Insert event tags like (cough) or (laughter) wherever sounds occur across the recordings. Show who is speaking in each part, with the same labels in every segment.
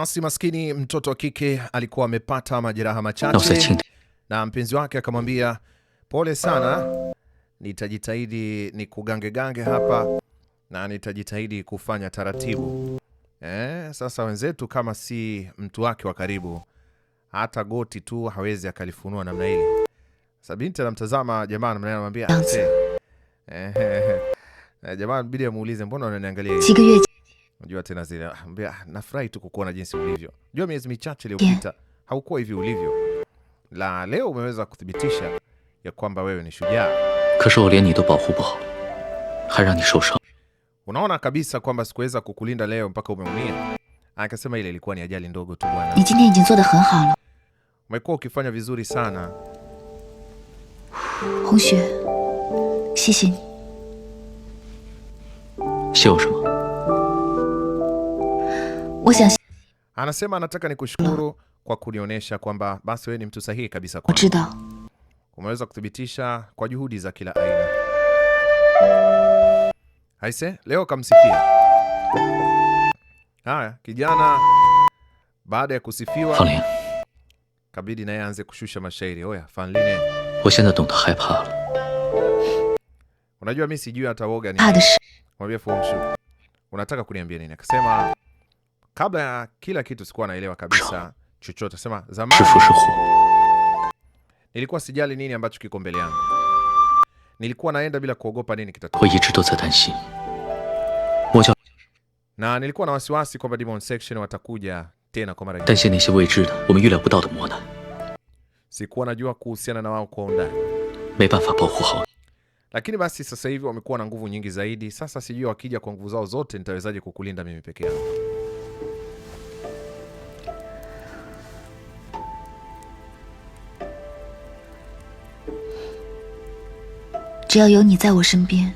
Speaker 1: Basi maskini mtoto wa kike alikuwa amepata majeraha machache, na mpenzi wake akamwambia pole sana, nitajitahidi ni kugangegange hapa na nitajitahidi kufanya taratibu. Eh, sasa wenzetu kama si mtu wake wa karibu, hata goti tu hawezi akalifunua namna ile. Sabinti anamtazama jamaa, anamwambia eh, jamaa, bidi amuulize mbona unaniangalia hivi? Unajua tena zile ambia nafurahi tu kukuona jinsi ulivyo. Unajua miezi michache iliyopita haukuwa hivi ulivyo. La leo umeweza kuthibitisha ya kwamba wewe ni shujaa. Unaona kabisa kwamba sikuweza kukulinda leo mpaka umeumia. Akasema ile ilikuwa ni ajali ndogo tu
Speaker 2: bwana.
Speaker 1: Umekuwa ukifanya vizuri sana.
Speaker 2: Hongxue, ni.
Speaker 1: Anasema anataka nikushukuru kwa kunionyesha kwamba basi wewe ni mtu sahihi kabisa kwa. Umeweza kuthibitisha kwa juhudi za kila aina. Aise, leo kamsifia. Haya, kijana baada ya kusifiwa kabidi naye aanze kushusha mashairi. Oya, Fanline. Unajua mimi sijui hata woga ni. Unataka kuniambia nini? Akasema kabla ya kila kitu sikuwa naelewa kabisa chochote. Sema zamani nilikuwa sijali nini ambacho kiko mbele yangu, nilikuwa naenda bila kuogopa nini
Speaker 3: kitatokea,
Speaker 1: na nilikuwa na wasiwasi kwamba Demon Section watakuja tena kwa
Speaker 3: mara nyingine.
Speaker 1: Sikuwa najua kuhusiana na wao kwa undani, lakini basi sasa hivi wamekuwa na nguvu nyingi zaidi. Sasa sijui wakija kwa nguvu zao zote nitawezaje kukulinda mimi peke yangu.
Speaker 2: 只要有你在我身边，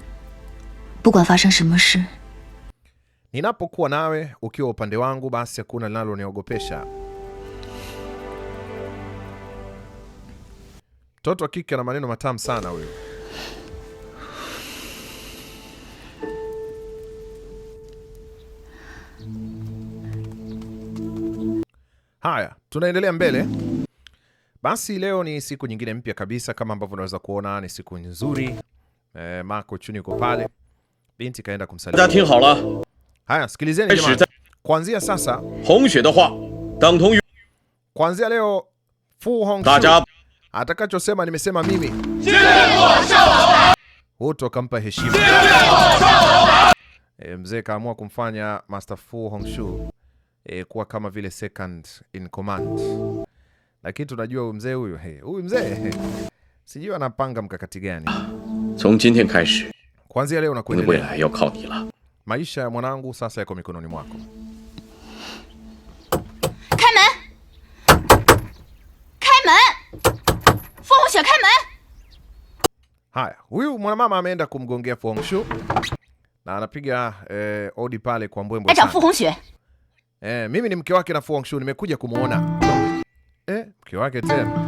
Speaker 2: 不管发生什么事。
Speaker 1: Ninapokuwa nawe ukiwa upande wangu, basi hakuna linaloniogopesha. Mtoto wa kike ana maneno matamu sana huyo. Haya, tunaendelea mbele. Basi leo ni siku nyingine mpya kabisa, kama ambavyo unaweza kuona ni siku nzuri. Eh, Marco Chuni yuko pale, binti kaenda
Speaker 3: kumsalimia.
Speaker 1: Haya, sikilizeni jamani, kuanzia sasa, kuanzia leo Fu Hongxue atakachosema nimesema mimi, wote wakampa heshima. E, mzee kaamua kumfanya Master Fu Hongxue e, kuwa kama vile second in command lakini tunajua huyu mzee huyu, huyu mzee sijui anapanga mkakati gani. Kuanzia leo
Speaker 3: nakuendelea,
Speaker 1: maisha ya mwanangu sasa yako mikononi mwako. Haya, huyu mwanamama ameenda kumgongea Fu Hongxue na anapiga eh, odi pale kwa mbwembwe Eh, mimi ni mke wake na Fu Hongxue nimekuja kumwona eh, kiwake tena.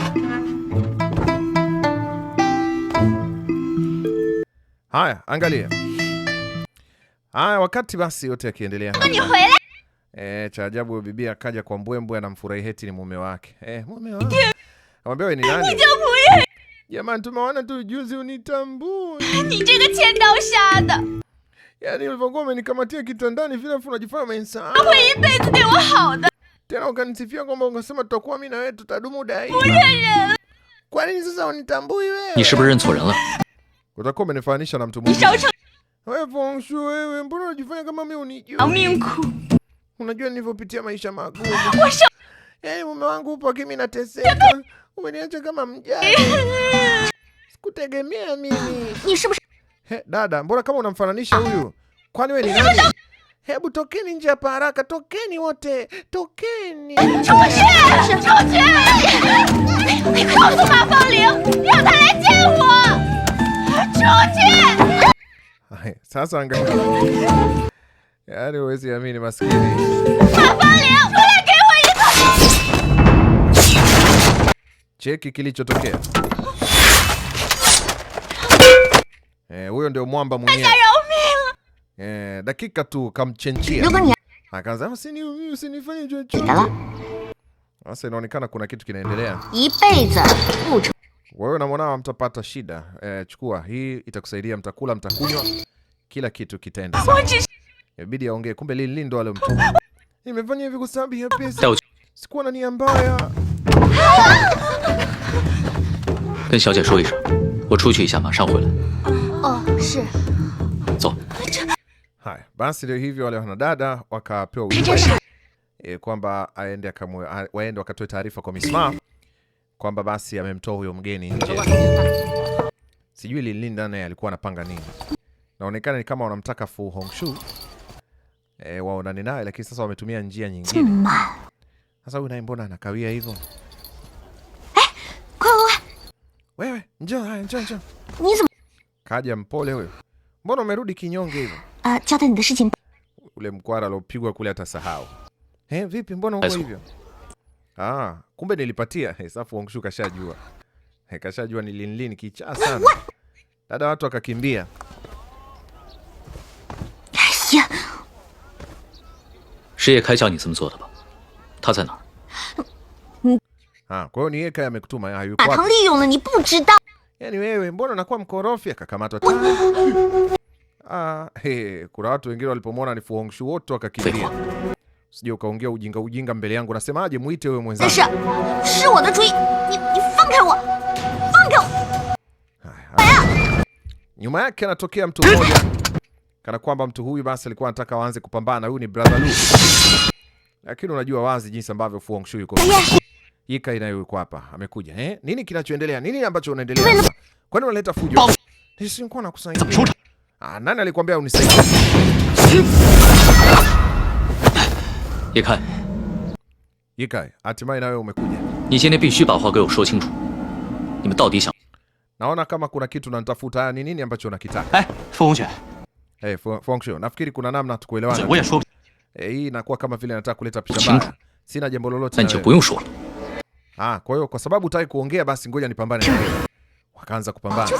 Speaker 1: Haya, angalia haya. Wakati basi yote yakiendelea eh, cha ajabu bibi akaja kwa mbwembwe, anamfurahi heti ni mume wake. Eh, mume wake Anamwambia wewe ni nani? Jamani, tumeona tu juzi, unitambue (laughs) Yaani ulivyokuwa umenikamatia kitandani vile, afu unajifanya tena ukanisifia kwamba ungesema tutakuwa mimi na wewe tutadumu
Speaker 4: daima.
Speaker 1: Kwa nini sasa unitambui
Speaker 3: wewe?
Speaker 1: Utakuwa umenifananisha na mtu mwingine. Wewe Fengshui, wewe mbona unajifanya kama mimi unijui? Unajua nilivyopitia maisha magumu. Yaani mume wangu upo kimi na teseka. Umeniacha kama mjane. Sikutegemea mimi. He, dada, mbona kama unamfananisha huyu? Kwani wewe ni nani? Hebu tokeni nje hapa haraka! Tokeni wote, tokeni! Sasa angalia, yaani huwezi amini, maskini cheki kilichotokea. Eh, huyo ndio mwamba mwenyewe. Eh, dakika tu kamchenjia. Akaanza usinifanye ah, chochote. Sasa inaonekana kuna kitu kinaendelea. Wewe na mwanao mtapata shida. Eh, chukua hii itakusaidia, mtakula, mtakunywa, kila kitu kitaenda. sawa. Inabidi aongee, kumbe Lin Lin ndo mtu Nimefanya hivi kwa sababu ya pesa. Sikuwa na nia mbaya.
Speaker 3: Ken Xiaojie shuo yisha. Oh,
Speaker 4: shi.
Speaker 1: Haya basi, ndio hivyo, wale wanadada wakapewa e, kwamba aende waende wakatoe taarifa kwa misma kwamba basi amemtoa huyo mgeni nje. Sijui Linlinda naye alikuwa anapanga nini. Naonekana ni kama wanamtaka Fu Hongxue e, waonane naye, lakini sasa wametumia njia nyingine. Sasa huyu naye mbona anakawia hivyo? Eh, Wewe njoo, njoo, njoo. Kaja mpole huyo, mbona umerudi kinyonge hivyo? Ah, Ule mkwara aliopigwa kule atasahau. sahau eh, vipi mbona uko hivyo? Ah, kumbe nilipatia. Hey, eh, safu Wangshu kashajua. Hey, eh, kashajua ni Lin kichaa sana. Dada watu wakakimbia.
Speaker 4: Ya.
Speaker 3: ni simzo ba. Ta zai na?
Speaker 1: kwa hiyo ni yeye amekutuma
Speaker 4: hayuko. Ah, ni
Speaker 1: yaani wewe mbona unakuwa mkorofi akakamatwa tena? Ah, he, kuna watu wengine walipomwona ni Fu Hongxue wote wakakimbia. Sije ukaongea ujinga ujinga mbele yangu. Nasemaje, muite wewe mwenzangu. Nyuma yake anatokea mtu mmoja kana kwamba mtu huyu basi alikuwa anataka waanze kupambana. Huyu ni brother Lu. Lakini unajua wazi jinsi ambavyo Fu Hongxue yuko. Yika inayo yuko hapa. Amekuja, eh? Nini kinachoendelea? Nini ambacho unaendelea Kwani unaleta fujo? Nisikuwa nakusaidia. Ah, nani alikwambia unisaidie? Yekai. Yekai, hatimaye nawe umekuja. Naona kama kuna kitu nanitafuta, ni nini ambacho unakitaka? Eh, Fengshui, nafikiri kuna namna tukuelewana. Eh, hii inakuwa kama vile nataka kuleta picha mbaya. Sina jambo lolote. Ah, kwa hiyo kwa sababu utaki kuongea basi ngoja nipambane Wakaanza kupambana.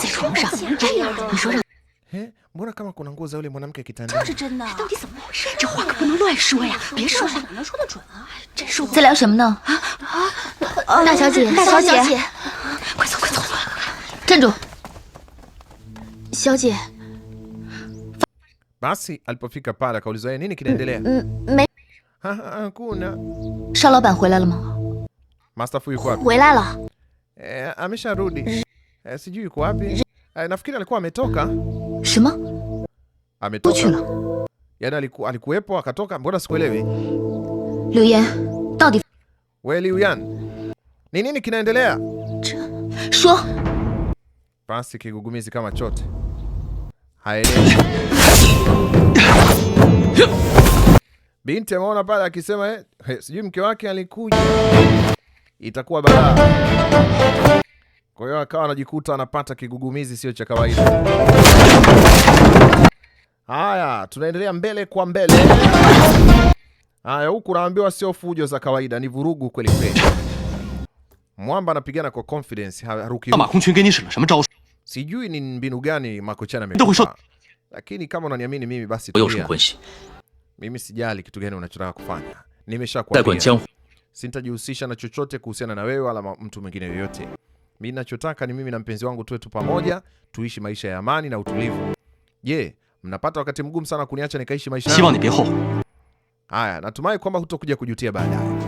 Speaker 1: Eh, mbona kama kuna nguo za yule mwanamke kitandani? Basi alipofika pale akaulizwa yeye eh, nini kinaendelea? Hakuna. Master Fu
Speaker 2: yuko wapi?
Speaker 1: Eh, amesharudi. Eh, sijui yuko wapi. Eh, nafikiri alikuwa ametoka. 什么？ametoka yani, aliku, alikuwepo akatoka. Mbona sikuelewi?
Speaker 2: Liu Yan, dadi
Speaker 1: we Liu Yan, ni nini kinaendelea? Sho basi, kigugumizi kama chote haelewi. Binti ameona pale akisema eh, sijui mke wake alikuja, itakuwa balaa. Kwa hiyo akawa anajikuta anapata kigugumizi sio cha kawaida. Haya, tunaendelea mbele kwa mbele. Haya, huku naambiwa sio fujo za kawaida, ni vurugu kweli kweli. Mwamba anapigana kwa confidence, haruki. Sijui ni mbinu gani makochana amepata. Lakini kama unaniamini mimi basi tulia. Mimi sijali kitu gani unachotaka kufanya. Nimeshakwambia. Sintajihusisha na chochote kuhusiana na wewe wala mtu mwingine yoyote. Mi nachotaka ni mimi na mpenzi wangu tuwe tu pamoja, tuishi maisha ya amani na utulivu. Je, mnapata wakati mgumu sana kuniacha nikaishi maisha Haya, natumai kwamba hutokuja kujutia baadaye.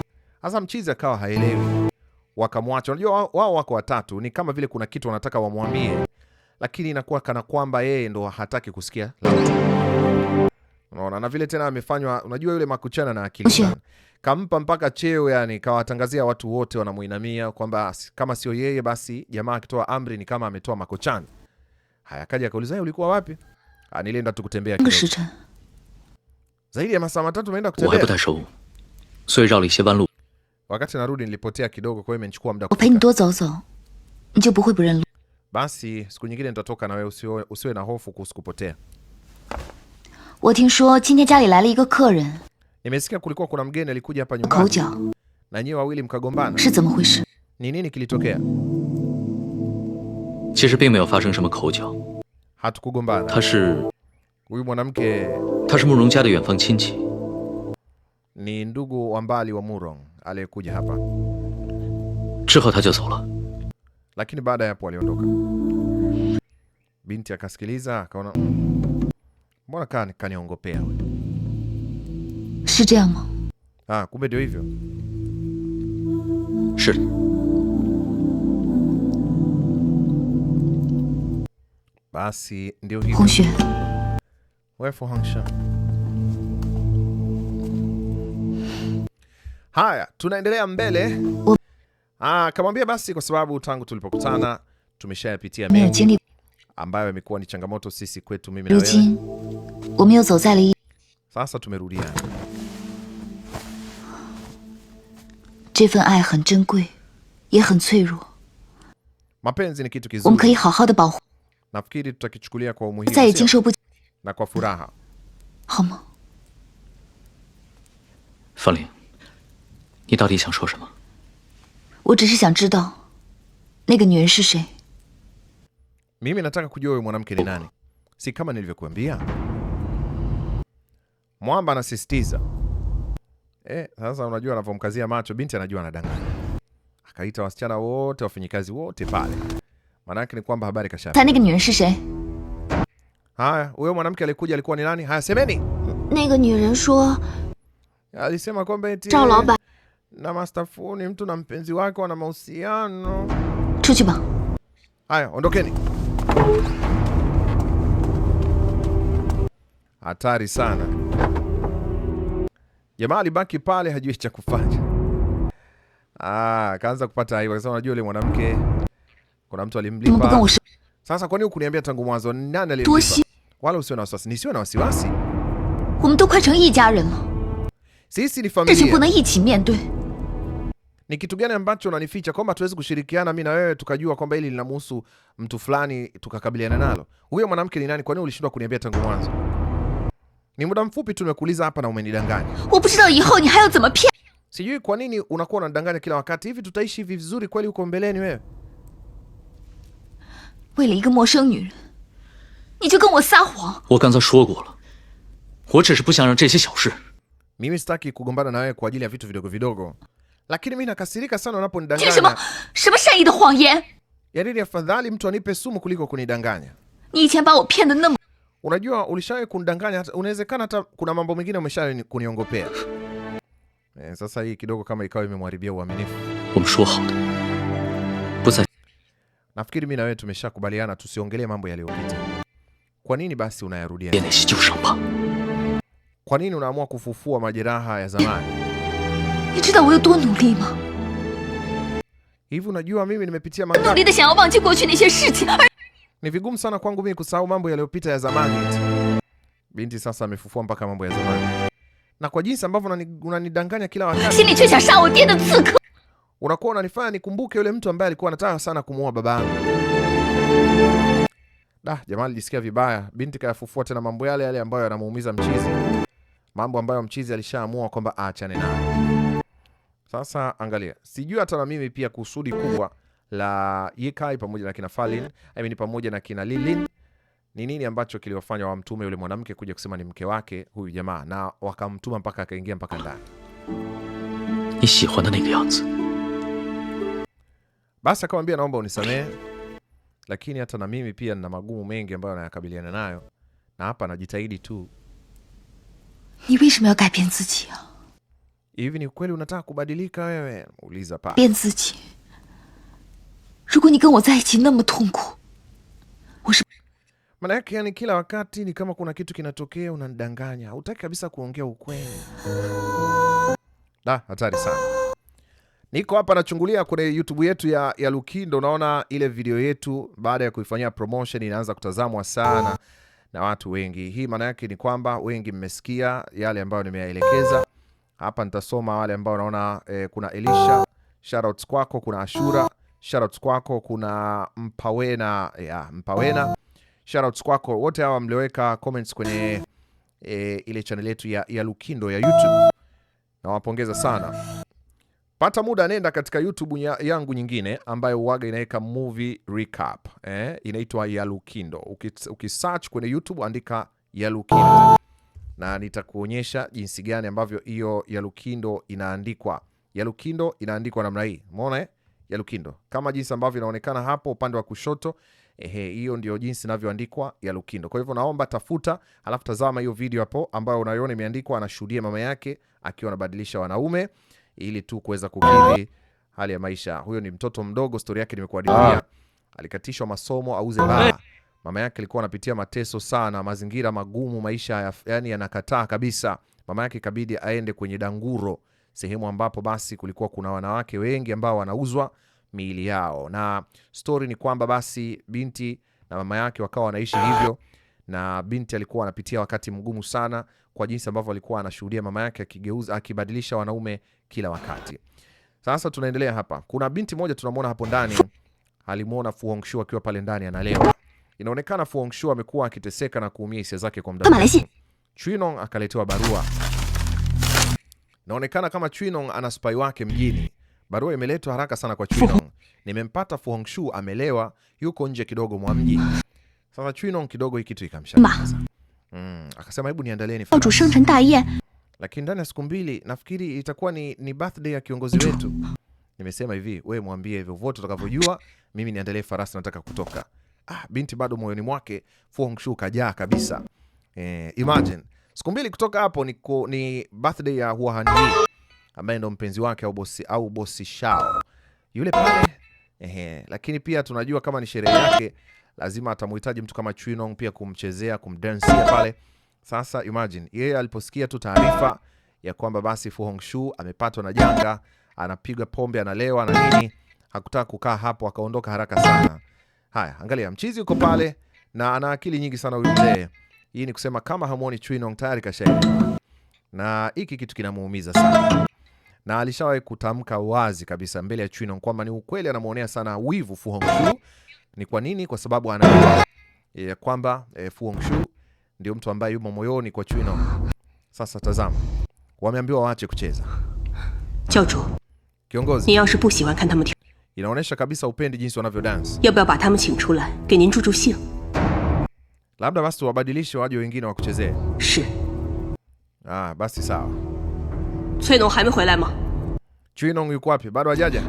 Speaker 1: hasa mchizi akawa haelewi, wakamwacha. Unajua wao wako watatu, ni kama vile kuna kitu wanataka wamwambie, lakini inakuwa kana kwamba yeye ndo hataki kusikia Unaona, na vile tena amefanywa, unajua yule Makuchana na akili sana, kampa mpaka cheo yani, kawatangazia watu wote wanamuinamia kwamba kama sio yeye basi jamaa akitoa amri ni kama ametoa makochani. Haya, kaja akauliza eh, ulikuwa wapi? Ah, nilienda tu kutembea kidogo. Zaidi ya masaa matatu umeenda kutembea. Wakati narudi nilipotea kidogo, kwa hiyo imenichukua muda. Basi siku nyingine nitatoka na wewe, usiwe na hofu kuhusu kupotea.
Speaker 2: 我听说今天家里来了一个客人
Speaker 1: ，nimesikia kulikuwa kuna mgeni alikuja hapa nyumbani 角 na nyewe wawili mkagombana.
Speaker 2: 是怎么回事
Speaker 1: ？Ni nini kilitokea?
Speaker 3: 其实并没有发生什么口角，
Speaker 1: 他 Hatukugombana. 是 Huyu mwanamke
Speaker 3: 他是慕容家的远房亲戚
Speaker 1: ，ni ndugu wa mbali wa Murong aliyekuja hapa,
Speaker 3: 之后他就走了。
Speaker 1: lakini baada ya hapo aliondoka. Binti akasikiliza akaona "Mm, Mbona kaniongopea wewe? Si Ah, kumbe ndio hivyo. Basi ndio hivyo. Haya, tunaendelea mbele. Ah, kamwambia basi kwa sababu tangu tulipokutana tumeshayapitia mengi ambayo imekuwa ni changamoto sisi kwetu mimi na
Speaker 2: wewe.
Speaker 1: Sasa tumerudia. Mapenzi ni kitu kizuri. Nafikiri tutakichukulia kwa
Speaker 2: umuhimu
Speaker 1: na kwa furaha. Ni mimi nataka kujua huyu mwanamke ni nani. Si kama nilivyokuambia? Mwamba anasisitiza. e. sasa unajua anavyomkazia macho binti anajua anadanganya. Akaita wasichana wote, wafanyikazi wote pale. Maana ni kwamba habari kasha. Haya, huyo mwanamke alikuja alikuwa ni nani? Haya, semeni. Alisema kwamba eti na Master Fu ni mtu na mpenzi wake wana mahusiano. Haya, ondokeni. Hatari sana. Jamaa alibaki pale hajui cha kufanya. Ah, kaanza kupata aibu. Akasema unajua yule mwanamke kuna mtu
Speaker 2: alimlipa.
Speaker 1: Sasa kwa nini hukuniambia tangu mwanzo nani alimlipa? Wala usiwe na wasiwasi. Nisiwe na wasiwasi. Sisi ni
Speaker 2: familia
Speaker 1: ni kitu gani ambacho unanificha kwamba tuwezi kushirikiana mi na wewe tukajua kwamba hili linamhusu mtu fulani tukakabiliana nalo? Huyo mwanamke ni nani? Kwa nini ulishindwa kuniambia tangu mwanzo? Ni muda mfupi tu nimekuuliza hapa na umenidanganya. Sijui kwa nini unakuwa unanidanganya kila wakati. Hivi tutaishi hivi vizuri kweli huko mbeleni wewe? Mimi sitaki kugombana na wewe kwa ajili ya vitu vidogo vidogo lakini mimi nakasirika sana unaponidanganya. Yaani ni afadhali mtu anipe sumu kuliko kunidanganya. Unajua ulishawahi kunidanganya unawezekana hata kuna mambo mengine umeshawahi kuniongopea. Eh, sasa hii kidogo kama ikawa imemharibia uaminifu. Nafikiri mimi na wewe tumeshakubaliana tusiongelee mambo yaliyopita. Kwa nini basi unayarudia? Kwa nini unaamua kufufua majeraha ya zamani?
Speaker 2: 你知道我有多努力吗
Speaker 1: ？Hivi unajua mimi nimepitia mambo. Ni vigumu sana kwangu mimi kusahau mambo yaliyopita ya zamani. Binti sasa amefufua mpaka mambo ya zamani. Na kwa jinsi ambavyo unanidanganya kila
Speaker 2: wakati.
Speaker 1: Unakuwa unanifanya nikumbuke yule mtu ambaye alikuwa anataka sana kumuoa babangu. Da, jamaa alijisikia vibaya. Binti kayafufua tena mambo yale yale ambayo yanamuumiza mchizi. Mambo ambayo mchizi alishaamua kwamba aachane nayo. Sasa angalia, sijui hata na mimi pia kusudi kubwa la Yekai pamoja na kina Falin, I mean pamoja na kina Lilin ni nini ambacho kiliwafanya wamtume yule mwanamke kuja kusema ni mke wake huyu jamaa, na wakamtuma mpaka akaingia mpaka ndani. Basi akamwambia naomba unisamehe, lakini hata na mimi pia nina magumu mengi ambayo nayakabiliana nayo, na hapa najitahidi tu.
Speaker 2: ni wisema ya gaibian zijiao
Speaker 1: Hivi ni kweli unataka kubadilika wewe? Uliza pa. Maana yake yani kila wakati ni kama kuna kitu kinatokea unanidanganya. Hutaki kabisa kuongea ukweli. Da, hatari sana. Niko hapa nachungulia kwenye YouTube yetu ya, ya Lukindo, unaona ile video yetu baada ya kuifanyia promotion inaanza kutazamwa sana na watu wengi. Hii maana yake ni kwamba wengi mmesikia yale ambayo nimeyaelekeza. Hapa nitasoma wale ambao naona eh, kuna Elisha, shoutouts kwako. Kuna Ashura, shoutouts kwako. Kuna Mpawena, ya Mpawena, shoutouts kwako. Wote hawa mlioweka comments kwenye eh, ile channel yetu ya, ya Lukindo ya YouTube, nawapongeza sana. Pata muda, nenda katika YouTube yangu nyingine ambayo uwaga inaweka movie recap eh, inaitwa ya Lukindo. Ukisearch kwenye YouTube andika ya Lukindo na nitakuonyesha jinsi gani ambavyo hiyo ya Lukindo inaandikwa. Ya Lukindo inaandikwa namna hii, umeona eh? Ya Lukindo kama jinsi ambavyo inaonekana hapo upande wa kushoto. Ehe, hiyo ndio jinsi inavyoandikwa ya Lukindo. Kwa hivyo naomba tafuta, alafu tazama hiyo video hapo ambayo unaiona imeandikwa, anashuhudia mama yake akiwa anabadilisha wanaume ili tu kuweza kukidhi hali ya maisha. Huyo ni mtoto mdogo, stori yake nimekuadilia. Ah. Alikatishwa masomo auze baa Mama yake alikuwa anapitia mateso sana, mazingira magumu, maisha ya, yani yanakataa kabisa. Mama yake ikabidi aende kwenye danguro, sehemu ambapo basi kulikuwa kuna wanawake wengi ambao wanauzwa miili yao, na stori ni kwamba basi binti na mama yake wakawa wanaishi hivyo, na binti alikuwa anapitia wakati mgumu sana kwa jinsi ambavyo alikuwa anashuhudia mama yake akigeuza, akibadilisha wanaume kila wakati. Sasa tunaendelea hapa, kuna binti moja tunamwona hapo ndani, alimuona Fu Hongxue akiwa pale ndani analewa Inaonekana Fu Hongxue amekuwa akiteseka na kuumia hisia zake kwa muda mrefu. Chuinong akaletewa barua. Inaonekana kama Chuinong ana spai wake mjini. Barua imeletwa haraka sana kwa Chuinong. Nimempata Fu Hongxue amelewa, yuko nje kidogo mwa mji. Sasa Chuinong kidogo hii kitu ikamshangaza. Mm, akasema hebu niandalieni. Lakini ndani ya siku mbili nafikiri itakuwa ni, ni birthday ya kiongozi wetu. Nimesema hivi, wewe mwambie hivyo vote utakavyojua, mimi niandalie farasi nataka kutoka ah, binti bado moyoni mwake Fu kajaa kabisa. Eh, imagine siku mbili kutoka hapo ni, ku, ni birthday ya Hua Hanyi ambaye ndo mpenzi wake au bosi, au bosi Shao yule pale eh, lakini pia tunajua kama ni sherehe yake lazima atamhitaji mtu kama Chuinong pia kumchezea kumdansia pale. Sasa imagine yeye aliposikia tu taarifa ya kwamba basi Fu Hongxue amepatwa na janga, anapiga pombe, analewa na nini, hakutaka kukaa hapo, akaondoka haraka sana. Haya, angalia mchizi uko pale na ana akili nyingi sana huyu mzee. Hii ni kusema kama hamuoni Chui Nong tayari kashaelewa, na hiki kitu kinamuumiza sana, na alishawahi kutamka wazi kabisa mbele ya Chui Nong kwamba ni ukweli anamuonea sana wivu Fu Hongxue. Ni kwa nini? Kwa sababu ana ya eh, kwamba e, Fu Hongxue ndio mtu ambaye yumo moyoni kwa Chui Nong. Sasa tazama, wameambiwa waache kucheza. Kiongozi, inaonyesha kabisa upendi jinsi wanavyo dance. Labda basi tuwabadilishe waje wengine wakuchezee. Ah, basi sawa. Chuinong yuko wapi? Bado hajaja?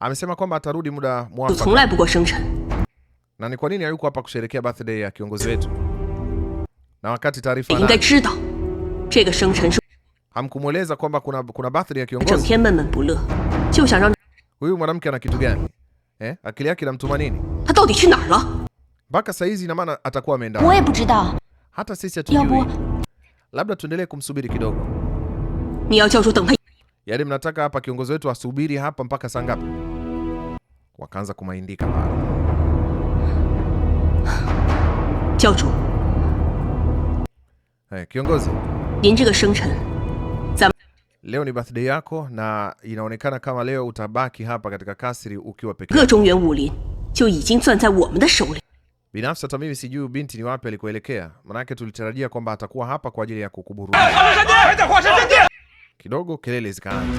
Speaker 1: Amesema kwamba atarudi muda mwafaka. Na ni kwa nini hayuko hapa kusherekea birthday ya kiongozi wetu? Na wakati taarifa hamkumweleza kwamba kuna, kuna birthday ya kiongozi huyu mwanamke ana kitu gani eh? Akili yake inamtuma nini? Mpaka saizi ina maana atakuwa ameenda. Hata sisi hatujui. Labda tuendelee kumsubiri kidogo. Yaani mnataka hapa kiongozi wetu asubiri hapa mpaka saa ngapi? Wakaanza kumaindika pale. Hey, eh, kiongozi. Leo ni birthday yako na inaonekana kama leo utabaki hapa katika kasri ukiwa peke yako. Binafsi hata mimi sijui binti ni wapi alikuelekea manake tulitarajia kwamba atakuwa hapa kwa ajili ya kukuburu. Kidogo kelele zikaanza.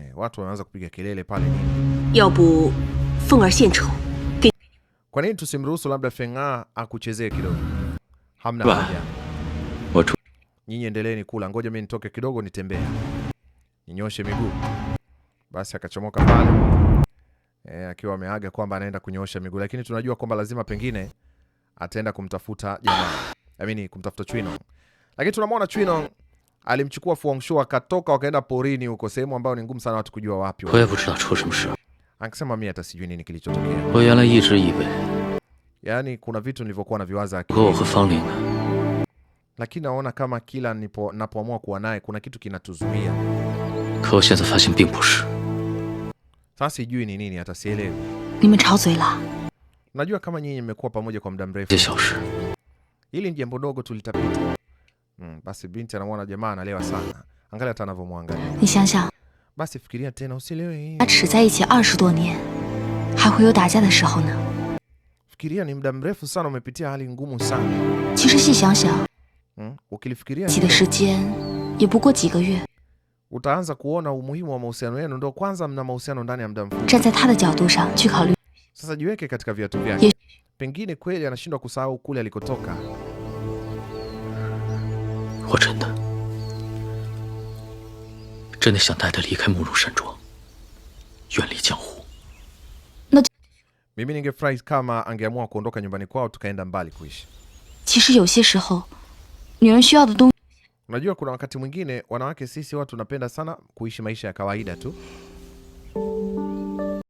Speaker 1: Eh, watu wanaanza kupiga kelele pale. Kwa nini tusimruhusu labda Feng'a akuchezee kidogo? Hamna haja nyinyi endeleeni kula, ngoja mimi nitoke kidogo nitembee, ninyoshe miguu. Basi akachomoka pale e, akiwa ameaga kwamba anaenda kunyoosha miguu, lakini tunajua kwamba lazima pengine ataenda kumtafuta jamaa, I mean kumtafuta Chwino, lakini tunamwona Chwino alimchukua Fu Hongxue akatoka wakaenda porini huko, sehemu ambayo ni ngumu sana watu kujua wapi. Akisema mimi hata sijui nini kilichotokea, yaani kuna vitu nilivyokuwa na viwaza akili lakini naona kama kila napoamua kuwa naye kuna kitu kinatuzuia. Sasa sijui ni nini, hata sielewi. Najua kama nyinyi mmekuwa pamoja kwa muda mrefu, hili ni jambo dogo tulitapita. Mm, basi binti anamwona jamaa analewa sana, angalia hata anavyomwangalia. Basi fikiria tena, usielewe hii. Fikiria ni muda mrefu sana umepitia hali ngumu sana. Hmm? utaanza kuona umuhimu wa mahusiano yenu. Ndo kwanza mna mahusiano ndani ya muda mfupi. Sasa jiweke katika viatu vyake, pengine kweli anashindwa kusahau kule alikotoka. Mimi ningefurahi kama angeamua kuondoka nyumbani kwao tukaenda mbali kuishi. Unajua kuna wakati mwingine wanawake sisi watu tunapenda sana kuishi maisha ya kawaida tu